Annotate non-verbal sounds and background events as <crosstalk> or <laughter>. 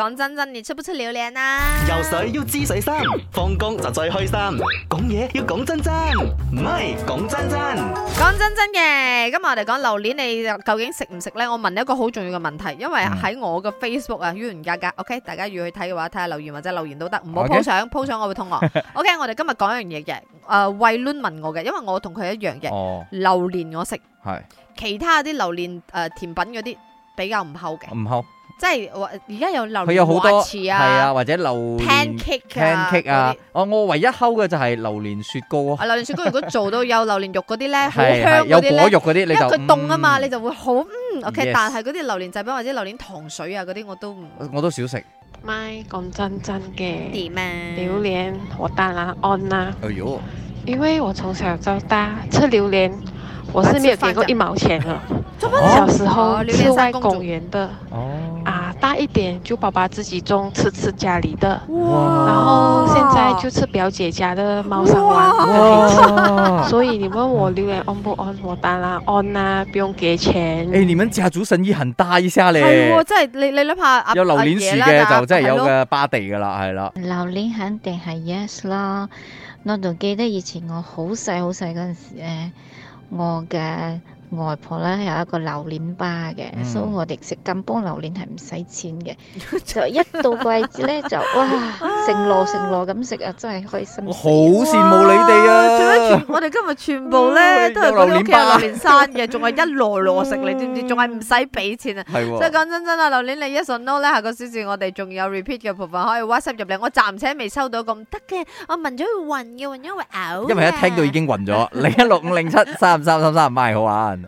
講真真，你出不出榴蓮啊？游水要知水心，放工就最開心。講嘢要講真真，唔係講真真。講真真嘅，今日我哋講榴蓮，你究竟食唔食呢？我問你一個好重要嘅問題，因為喺我嘅 Facebook 啊、嗯，於文格格，OK？大家要去睇嘅話，睇下留言或者留言都得，唔好 po 相 po 相，我會通我。 <laughs> OK？我哋今日講一樣嘢嘅，誒、呃，慧暖問我嘅，因為我同佢一樣嘅、哦，榴蓮我食，係其他啲榴蓮誒甜品嗰啲比較唔好嘅，唔即係而家有榴蓮好多次啊，係啊，或者榴蓮 pancake 啊，哦，我唯一慘嘅就係榴蓮雪糕啊！榴蓮雪糕如果做到有榴蓮肉嗰啲咧，好香有果肉嗰啲，因為佢凍啊嘛，你就會好嗯 OK。但係嗰啲榴蓮製品或者榴蓮糖水啊嗰啲，我都我都少食。麥講真真嘅點啊！榴蓮我大冷案啦！哎呦，因為我從小到大吃榴蓮，我是沒有俾過一毛錢啦！小時候是外公園的哦。大一點就爸爸自己種吃吃家裏的哇，然後現在就吃表姐家的貓山王，所以你問我榴蓮安不安我當然安啦，不用給錢。哎，你們家族生意很大一下嘞，係哦，真係你你諗下、啊、有榴蓮樹嘅就真係有個巴地噶啦，係啦，榴蓮肯定係 yes 啦，我仲記得以前我好細好細嗰陣時誒，我嘅。外婆咧有一個榴蓮吧嘅，所以我哋食甘榜榴蓮係唔使錢嘅。就一到季節咧就哇，成籮成籮咁食啊，真係開心！我好羨慕你哋啊！我哋今日全部咧都係嗰個榴蓮吧、榴蓮山嘅，仲係一籮籮食，你知唔知？仲係唔使俾錢啊！即係講真真啊，榴蓮你一信 no 咧，下個小時我哋仲有 repeat 嘅部分可以 WhatsApp 入嚟。我暫時未收到咁得嘅，我聞咗要暈嘅，暈咗要嘔，因為因為一聽到已經暈咗。零一六五零七三三三三五唔係好玩。